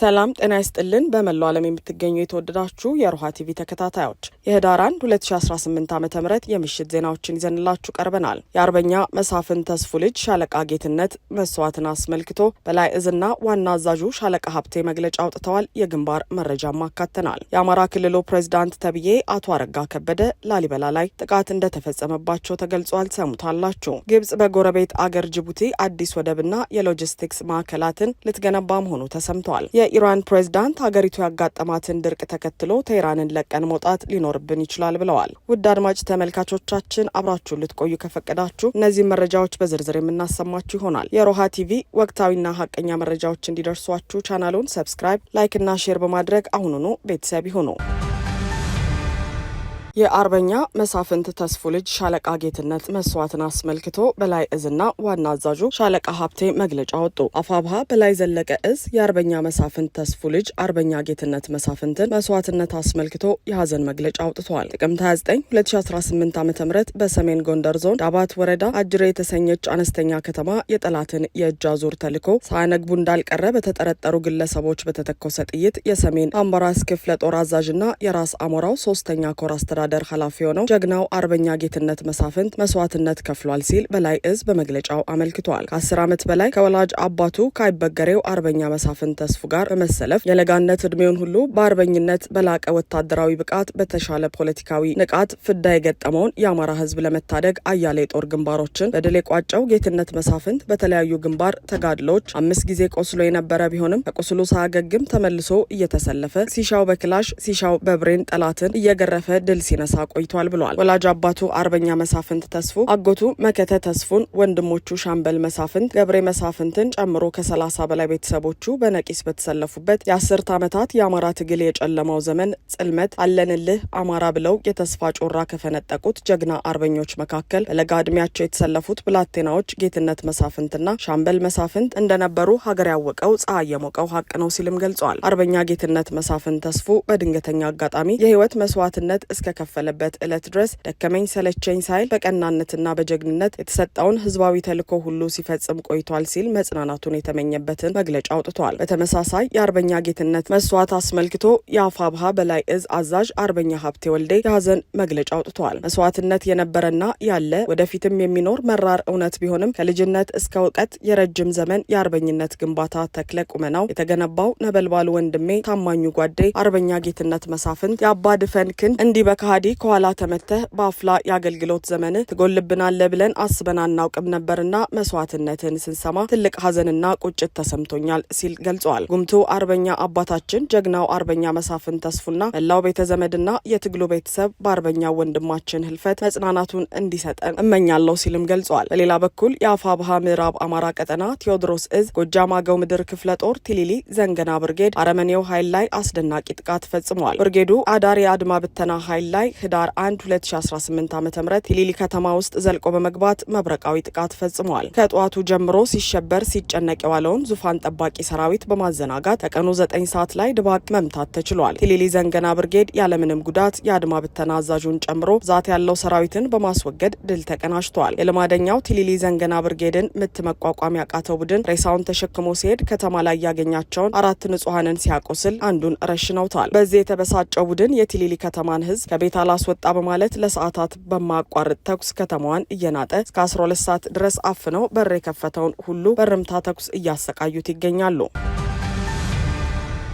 ሰላም ጤና ይስጥልን። በመላው ዓለም የምትገኙ የተወደዳችሁ የሮሃ ቲቪ ተከታታዮች የህዳር 1 2018 ዓ ም የምሽት ዜናዎችን ይዘንላችሁ ቀርበናል። የአርበኛ መሳፍን ተስፉ ልጅ ሻለቃ ጌትነት መስዋዕትን አስመልክቶ በላይ እዝና ዋና አዛዡ ሻለቃ ሀብቴ መግለጫ አውጥተዋል። የግንባር መረጃም አካተናል። የአማራ ክልሉ ፕሬዚዳንት ተብዬ አቶ አረጋ ከበደ ላሊበላ ላይ ጥቃት እንደተፈጸመባቸው ተገልጿል። ሰሙታላችሁ። ግብጽ በጎረቤት አገር ጅቡቲ አዲስ ወደብና የሎጂስቲክስ ማዕከላትን ልትገነባ መሆኑ ተሰምተዋል። የኢራን ፕሬዝዳንት ሀገሪቱ ያጋጠማትን ድርቅ ተከትሎ ቴህራንን ለቀን መውጣት ሊኖርብን ይችላል ብለዋል። ውድ አድማጭ ተመልካቾቻችን አብራችሁን ልትቆዩ ከፈቀዳችሁ እነዚህ መረጃዎች በዝርዝር የምናሰማችሁ ይሆናል። የሮሃ ቲቪ ወቅታዊና ሀቀኛ መረጃዎች እንዲደርሷችሁ ቻናሉን ሰብስክራይብ፣ ላይክና ሼር በማድረግ አሁኑኑ ቤተሰብ ይሁኑ። የአርበኛ መሳፍንት ተስፉ ልጅ ሻለቃ ጌትነት መስዋዕትን አስመልክቶ በላይ እዝና ዋና አዛዡ ሻለቃ ሀብቴ መግለጫ ወጡ። አፋብሃ በላይ ዘለቀ እዝ የአርበኛ መሳፍንት ተስፉ ልጅ አርበኛ ጌትነት መሳፍንትን መስዋዕትነት አስመልክቶ የሀዘን መግለጫ አውጥተዋል። ጥቅምት 29 2018 ዓ ም በሰሜን ጎንደር ዞን ዳባት ወረዳ አጅሬ የተሰኘች አነስተኛ ከተማ የጠላትን የእጅ አዙር ተልዕኮ ሳያነግቡ እንዳልቀረ በተጠረጠሩ ግለሰቦች በተተኮሰ ጥይት የሰሜን አምባራስ ክፍለ ጦር አዛዥና የራስ አሞራው ሶስተኛ ኮር አስተዳደ አስተዳደር ኃላፊ የሆነው ጀግናው አርበኛ ጌትነት መሳፍንት መስዋዕትነት ከፍሏል ሲል በላይ እዝ በመግለጫው አመልክቷል። ከአስር ዓመት በላይ ከወላጅ አባቱ ካይበገሬው አርበኛ መሳፍንት ተስፉ ጋር በመሰለፍ የለጋነት እድሜውን ሁሉ በአርበኝነት በላቀ ወታደራዊ ብቃት በተሻለ ፖለቲካዊ ንቃት ፍዳ የገጠመውን የአማራ ህዝብ ለመታደግ አያሌ የጦር ግንባሮችን በድል የቋጨው ጌትነት መሳፍንት በተለያዩ ግንባር ተጋድሎች አምስት ጊዜ ቆስሎ የነበረ ቢሆንም ከቁስሉ ሳያገግም ተመልሶ እየተሰለፈ ሲሻው በክላሽ ሲሻው በብሬን ጠላትን እየገረፈ ድል ሲ ሲነሳ ቆይቷል ብሏል። ወላጅ አባቱ አርበኛ መሳፍንት ተስፉ፣ አጎቱ መከተ ተስፉን፣ ወንድሞቹ ሻምበል መሳፍንት፣ ገብሬ መሳፍንትን ጨምሮ ከሰላሳ በላይ ቤተሰቦቹ በነቂስ በተሰለፉበት የአስርት ዓመታት የአማራ ትግል የጨለማው ዘመን ጽልመት አለንልህ አማራ ብለው የተስፋ ጮራ ከፈነጠቁት ጀግና አርበኞች መካከል በለጋ ዕድሜያቸው የተሰለፉት ብላቴናዎች ጌትነት መሳፍንትና ሻምበል መሳፍንት እንደነበሩ ሀገር ያወቀው ፀሐይ የሞቀው ሀቅ ነው ሲልም ገልጿል። አርበኛ ጌትነት መሳፍንት ተስፉ በድንገተኛ አጋጣሚ የህይወት መስዋዕትነት እስከ እስከተከፈለበት ዕለት ድረስ ደከመኝ ሰለቸኝ ሳይል በቀናነትና በጀግንነት የተሰጠውን ህዝባዊ ተልዕኮ ሁሉ ሲፈጽም ቆይቷል ሲል መጽናናቱን የተመኘበትን መግለጫ አውጥቷል። በተመሳሳይ የአርበኛ ጌትነት መስዋዕት አስመልክቶ የአፋብሃ በላይ እዝ አዛዥ አርበኛ ሀብቴ ወልዴ የሀዘን መግለጫ አውጥቷል። መስዋዕትነት የነበረና ያለ ወደፊትም የሚኖር መራር እውነት ቢሆንም ከልጅነት እስከ እውቀት የረጅም ዘመን የአርበኝነት ግንባታ ተክለ ቁመናው የተገነባው ነበልባሉ ወንድሜ ታማኙ ጓዴ አርበኛ ጌትነት መሳፍንት የአባ ድፈን ክንድ እንዲበካ ከሃዲ ከኋላ ተመተህ በአፍላ የአገልግሎት ዘመን ትጎልብናለ ብለን አስበን አናውቅም ነበርና መስዋዕትነትን ስንሰማ ትልቅ ሀዘንና ቁጭት ተሰምቶኛል ሲል ገልጸዋል። ጉምቱ አርበኛ አባታችን ጀግናው አርበኛ መሳፍን ተስፉና መላው ቤተ ዘመድና የትግሉ ቤተሰብ በአርበኛው ወንድማችን ህልፈት መጽናናቱን እንዲሰጠን እመኛለሁ ሲልም ገልጸዋል። በሌላ በኩል የአፋ ባሃ ምዕራብ አማራ ቀጠና ቴዎድሮስ እዝ ጎጃም አገው ምድር ክፍለ ጦር ቲሊሊ ዘንገና ብርጌድ አረመኔው ኃይል ላይ አስደናቂ ጥቃት ፈጽመዋል። ብርጌዱ አዳሪ አድማ ብተና ኃይል ላይ ላይ ህዳር 1 2018 ዓ ም ቲሊሊ ከተማ ውስጥ ዘልቆ በመግባት መብረቃዊ ጥቃት ፈጽመዋል። ከጠዋቱ ጀምሮ ሲሸበር ሲጨነቅ የዋለውን ዙፋን ጠባቂ ሰራዊት በማዘናጋት ከቀኑ 9 ሰዓት ላይ ድባቅ መምታት ተችሏል። ቲሊሊ ዘንገና ብርጌድ ያለምንም ጉዳት የአድማ ብተና አዛዡን ጨምሮ ብዛት ያለው ሰራዊትን በማስወገድ ድል ተቀናጅቷል። የልማደኛው ቲሊሊ ዘንገና ብርጌድን ምት መቋቋም ያቃተው ቡድን ሬሳውን ተሸክሞ ሲሄድ ከተማ ላይ ያገኛቸውን አራት ንጹሐንን ሲያቆስል አንዱን ረሽነውታል። በዚህ የተበሳጨው ቡድን የቲሊሊ ከተማን ህዝብ ከቤ ቅሬታ ላስወጣ በማለት ለሰዓታት በማቋረጥ ተኩስ ከተማዋን እየናጠ እስከ 12 ሰዓት ድረስ አፍነው በር የከፈተውን ሁሉ በርምታ ተኩስ እያሰቃዩት ይገኛሉ።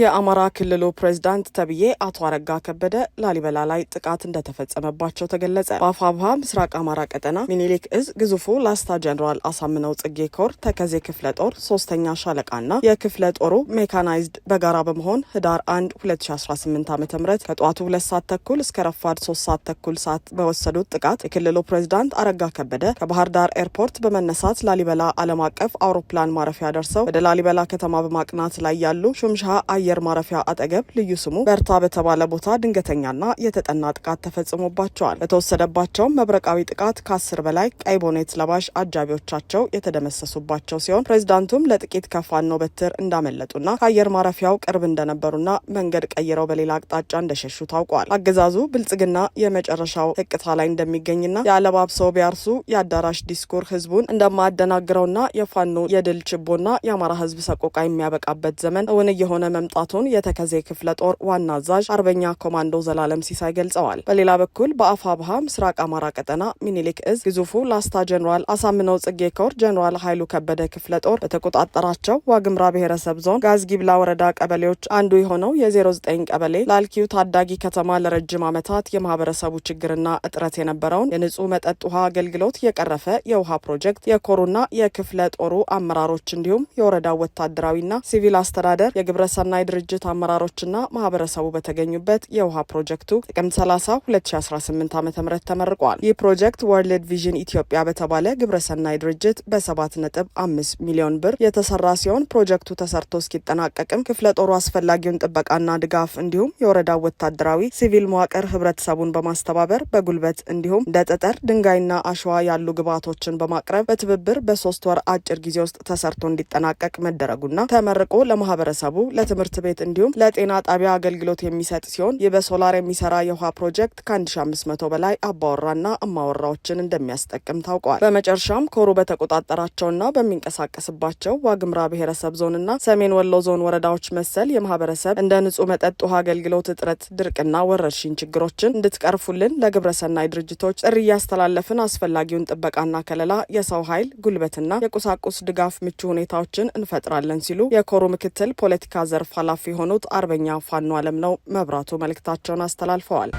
የአማራ ክልሉ ፕሬዚዳንት ተብዬ አቶ አረጋ ከበደ ላሊበላ ላይ ጥቃት እንደተፈጸመባቸው ተገለጸ። በአፋብሃ ምስራቅ አማራ ቀጠና ሚኒሊክ እዝ ግዙፉ ላስታ ጀኔራል አሳምነው ጽጌ ኮር ተከዜ ክፍለ ጦር ሶስተኛ ሻለቃና የክፍለ ጦሩ ሜካናይዝድ በጋራ በመሆን ህዳር 1 2018 ዓ ም ከጠዋቱ ሁለት ሰዓት ተኩል እስከ ረፋድ ሶስት ሰዓት ተኩል ሰዓት በወሰዱት ጥቃት የክልሉ ፕሬዚዳንት አረጋ ከበደ ከባህር ዳር ኤርፖርት በመነሳት ላሊበላ ዓለም አቀፍ አውሮፕላን ማረፊያ ደርሰው ወደ ላሊበላ ከተማ በማቅናት ላይ ያሉ ሹምሻ አየ አየር ማረፊያ አጠገብ ልዩ ስሙ በርታ በተባለ ቦታ ድንገተኛና የተጠና ጥቃት ተፈጽሞባቸዋል። በተወሰደባቸውም መብረቃዊ ጥቃት ከአስር በላይ ቀይ ቦኔት ለባሽ አጃቢዎቻቸው የተደመሰሱባቸው ሲሆን ፕሬዚዳንቱም ለጥቂት ከፋኖ በትር እንዳመለጡና ከአየር ማረፊያው ቅርብ እንደነበሩና መንገድ ቀይረው በሌላ አቅጣጫ እንደሸሹ ታውቋል። አገዛዙ ብልጽግና የመጨረሻው ህቅታ ላይ እንደሚገኝና የአለባብሰው ቢያርሱ የአዳራሽ ዲስኩር ህዝቡን እንደማያደናግረውና የፋኖ የድል ችቦና የአማራ ህዝብ ሰቆቃ የሚያበቃበት ዘመን እውን እየሆነ መምጣ መውጣቱን የተከዜ ክፍለ ጦር ዋና አዛዥ አርበኛ ኮማንዶ ዘላለም ሲሳይ ገልጸዋል። በሌላ በኩል በአፋብሃ ምስራቅ አማራ ቀጠና ሚኒሊክ እዝ ግዙፉ ላስታ ጀኔራል አሳምነው ጽጌ ኮር ጀኔራል ኃይሉ ከበደ ክፍለ ጦር በተቆጣጠራቸው ዋግምራ ብሔረሰብ ዞን ጋዝጊብላ ወረዳ ቀበሌዎች አንዱ የሆነው የ09 ቀበሌ ላልኪው ታዳጊ ከተማ ለረጅም ዓመታት የማህበረሰቡ ችግርና እጥረት የነበረውን የንጹህ መጠጥ ውሃ አገልግሎት የቀረፈ የውሃ ፕሮጀክት የኮሩና የክፍለ ጦሩ አመራሮች እንዲሁም የወረዳው ወታደራዊና ሲቪል አስተዳደር የግብረሰናይ ድርጅት አመራሮችና ማህበረሰቡ በተገኙበት የውሃ ፕሮጀክቱ ጥቅምት 30 2018 ዓ ም ተመርቋል። ይህ ፕሮጀክት ወርልድ ቪዥን ኢትዮጵያ በተባለ ግብረሰናይ ድርጅት በ7.5 ሚሊዮን ብር የተሰራ ሲሆን ፕሮጀክቱ ተሰርቶ እስኪጠናቀቅም ክፍለ ጦሩ አስፈላጊውን ጥበቃና ድጋፍ እንዲሁም የወረዳው ወታደራዊ ሲቪል መዋቅር ህብረተሰቡን በማስተባበር በጉልበት እንዲሁም እንደ ጠጠር ድንጋይና አሸዋ ያሉ ግብዓቶችን በማቅረብ በትብብር በሶስት ወር አጭር ጊዜ ውስጥ ተሰርቶ እንዲጠናቀቅ መደረጉና ተመርቆ ለማህበረሰቡ ለትምህርት ትምህርት ቤት እንዲሁም ለጤና ጣቢያ አገልግሎት የሚሰጥ ሲሆን ይህ በሶላር የሚሰራ የውሃ ፕሮጀክት ከ1500 በላይ አባወራና እማወራዎችን እንደሚያስጠቅም ታውቋል። በመጨረሻም ኮሩ በተቆጣጠራቸውና በሚንቀሳቀስባቸው ዋግምራ ብሔረሰብ ዞንና ሰሜን ወሎ ዞን ወረዳዎች መሰል የማህበረሰብ እንደ ንጹህ መጠጥ ውሃ አገልግሎት እጥረት፣ ድርቅና ወረርሽኝ ችግሮችን እንድትቀርፉልን ለግብረሰናይ ድርጅቶች ጥሪ እያስተላለፍን አስፈላጊውን ጥበቃና ከለላ፣ የሰው ኃይል፣ ጉልበትና የቁሳቁስ ድጋፍ ምቹ ሁኔታዎችን እንፈጥራለን ሲሉ የኮሩ ምክትል ፖለቲካ ዘርፍ ኃላፊ የሆኑት አርበኛ ፋኖ አለም ነው መብራቱ መልእክታቸውን አስተላልፈዋል።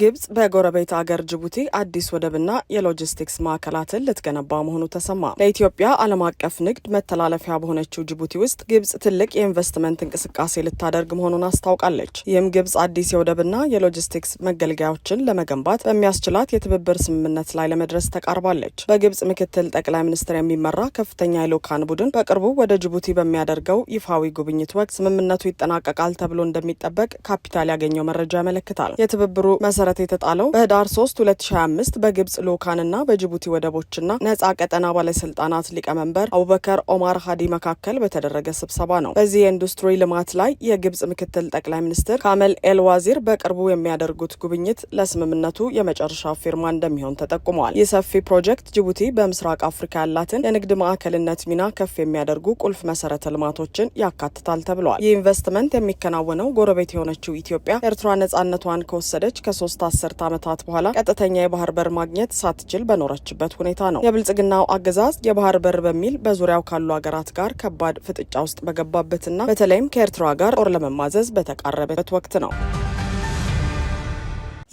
ግብጽ በጎረቤት አገር ጅቡቲ አዲስ ወደብና የሎጂስቲክስ ማዕከላትን ልትገነባ መሆኑ ተሰማ። ለኢትዮጵያ ዓለም አቀፍ ንግድ መተላለፊያ በሆነችው ጅቡቲ ውስጥ ግብጽ ትልቅ የኢንቨስትመንት እንቅስቃሴ ልታደርግ መሆኑን አስታውቃለች። ይህም ግብጽ አዲስ የወደብና የሎጂስቲክስ መገልገያዎችን ለመገንባት በሚያስችላት የትብብር ስምምነት ላይ ለመድረስ ተቃርባለች። በግብጽ ምክትል ጠቅላይ ሚኒስትር የሚመራ ከፍተኛ የልዑካን ቡድን በቅርቡ ወደ ጅቡቲ በሚያደርገው ይፋዊ ጉብኝት ወቅት ስምምነቱ ይጠናቀቃል ተብሎ እንደሚጠበቅ ካፒታል ያገኘው መረጃ ያመለክታል። የትብብሩ መሰ መሰረት የተጣለው በህዳር 3 2025 በግብጽ ልኡካንና በጅቡቲ ወደቦችና ነጻ ቀጠና ባለስልጣናት ሊቀመንበር አቡበከር ኦማር ሀዲ መካከል በተደረገ ስብሰባ ነው። በዚህ የኢንዱስትሪ ልማት ላይ የግብጽ ምክትል ጠቅላይ ሚኒስትር ካመል ኤልዋዚር በቅርቡ የሚያደርጉት ጉብኝት ለስምምነቱ የመጨረሻ ፊርማ እንደሚሆን ተጠቁመዋል። ይህ ሰፊ ፕሮጀክት ጅቡቲ በምስራቅ አፍሪካ ያላትን የንግድ ማዕከልነት ሚና ከፍ የሚያደርጉ ቁልፍ መሰረተ ልማቶችን ያካትታል ተብሏል። ይህ ኢንቨስትመንት የሚከናወነው ጎረቤት የሆነችው ኢትዮጵያ ኤርትራ ነጻነቷን ከወሰደች ከሶስት ከሶስት አስርት ዓመታት በኋላ ቀጥተኛ የባህር በር ማግኘት ሳትችል በኖረችበት ሁኔታ ነው። የብልጽግናው አገዛዝ የባህር በር በሚል በዙሪያው ካሉ ሀገራት ጋር ከባድ ፍጥጫ ውስጥ በገባበትና በተለይም ከኤርትራ ጋር ጦር ለመማዘዝ በተቃረበበት ወቅት ነው።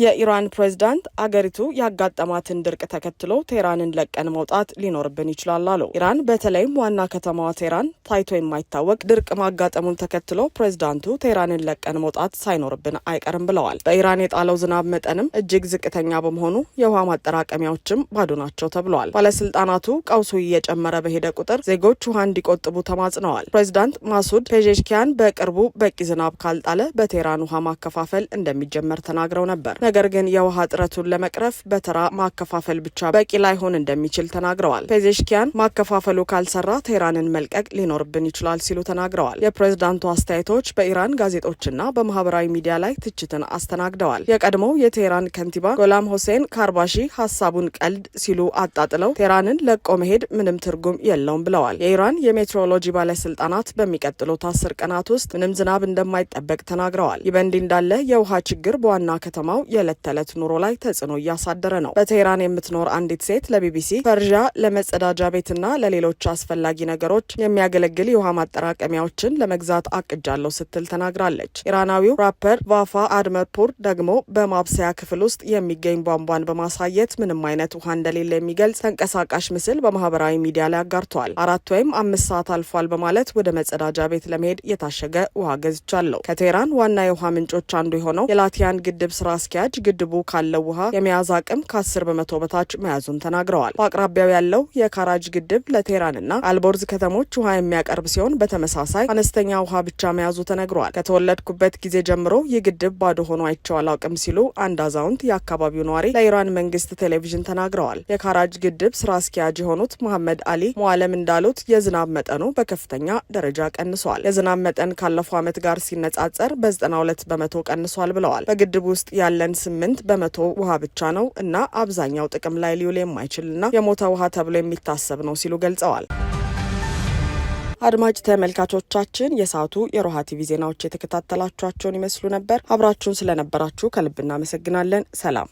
የኢራን ፕሬዚዳንት አገሪቱ ያጋጠማትን ድርቅ ተከትሎ ቴህራንን ለቀን መውጣት ሊኖርብን ይችላል አሉ። ኢራን በተለይም ዋና ከተማዋ ቴህራን ታይቶ የማይታወቅ ድርቅ ማጋጠሙን ተከትሎ ፕሬዚዳንቱ ቴህራንን ለቀን መውጣት ሳይኖርብን አይቀርም ብለዋል። በኢራን የጣለው ዝናብ መጠንም እጅግ ዝቅተኛ በመሆኑ የውሃ ማጠራቀሚያዎችም ባዶ ናቸው ተብለዋል። ባለስልጣናቱ ቀውሱ እየጨመረ በሄደ ቁጥር ዜጎች ውሃ እንዲቆጥቡ ተማጽነዋል። ፕሬዚዳንት ማሱድ ፔዜሽኪያን በቅርቡ በቂ ዝናብ ካልጣለ በቴህራን ውሃ ማከፋፈል እንደሚጀመር ተናግረው ነበር። ነገር ግን የውሃ እጥረቱን ለመቅረፍ በተራ ማከፋፈል ብቻ በቂ ላይሆን እንደሚችል ተናግረዋል። ፔዜሽኪያን ማከፋፈሉ ካልሰራ ቴህራንን መልቀቅ ሊኖርብን ይችላል ሲሉ ተናግረዋል። የፕሬዝዳንቱ አስተያየቶች በኢራን ጋዜጦችና በማህበራዊ ሚዲያ ላይ ትችትን አስተናግደዋል። የቀድሞው የቴህራን ከንቲባ ጎላም ሁሴን ካርባሺ ሀሳቡን ቀልድ ሲሉ አጣጥለው ቴህራንን ለቆ መሄድ ምንም ትርጉም የለውም ብለዋል። የኢራን የሜትሮሎጂ ባለስልጣናት በሚቀጥሉት አስር ቀናት ውስጥ ምንም ዝናብ እንደማይጠበቅ ተናግረዋል። ይህ እንዳለ የውሃ ችግር በዋና ከተማው የዕለት ተዕለት ኑሮ ላይ ተጽዕኖ እያሳደረ ነው። በቴህራን የምትኖር አንዲት ሴት ለቢቢሲ ፈርዣ፣ ለመጸዳጃ ቤትና ለሌሎች አስፈላጊ ነገሮች የሚያገለግል የውሃ ማጠራቀሚያዎችን ለመግዛት አቅጃለሁ ስትል ተናግራለች። ኢራናዊው ራፐር ቫፋ አድመርፑር ደግሞ በማብሰያ ክፍል ውስጥ የሚገኝ ቧንቧን በማሳየት ምንም አይነት ውሃ እንደሌለ የሚገልጽ ተንቀሳቃሽ ምስል በማህበራዊ ሚዲያ ላይ አጋርቷል። አራት ወይም አምስት ሰዓት አልፏል በማለት ወደ መጸዳጃ ቤት ለመሄድ የታሸገ ውሃ ገዝቻለሁ። ከቴህራን ዋና የውሃ ምንጮች አንዱ የሆነው የላቲያን ግድብ ስራ አስኪያጅ ወዳጅ ግድቡ ካለው ውሃ የመያዝ አቅም ከአስር በመቶ በታች መያዙን ተናግረዋል። በአቅራቢያው ያለው የካራጅ ግድብ ለቴህራንና አልቦርዝ ከተሞች ውሃ የሚያቀርብ ሲሆን በተመሳሳይ አነስተኛ ውሃ ብቻ መያዙ ተነግረዋል። ከተወለድኩበት ጊዜ ጀምሮ ይህ ግድብ ባዶ ሆኖ አይቼው አላውቅም ሲሉ አንድ አዛውንት የአካባቢው ነዋሪ ለኢራን መንግስት ቴሌቪዥን ተናግረዋል። የካራጅ ግድብ ስራ አስኪያጅ የሆኑት መሐመድ አሊ ሞዓለም እንዳሉት የዝናብ መጠኑ በከፍተኛ ደረጃ ቀንሷል። የዝናብ መጠን ካለፈው ዓመት ጋር ሲነጻጸር በ92 በመቶ ቀንሷል ብለዋል። በግድብ ውስጥ ያለን ስምንት በመቶ ውሃ ብቻ ነው እና አብዛኛው ጥቅም ላይ ሊውል የማይችልና የሞተ ውሃ ተብሎ የሚታሰብ ነው ሲሉ ገልጸዋል። አድማጭ ተመልካቾቻችን የሰዓቱ የሮሃ ቲቪ ዜናዎች የተከታተላችኋቸውን ይመስሉ ነበር። አብራችሁን ስለነበራችሁ ከልብ እናመሰግናለን። ሰላም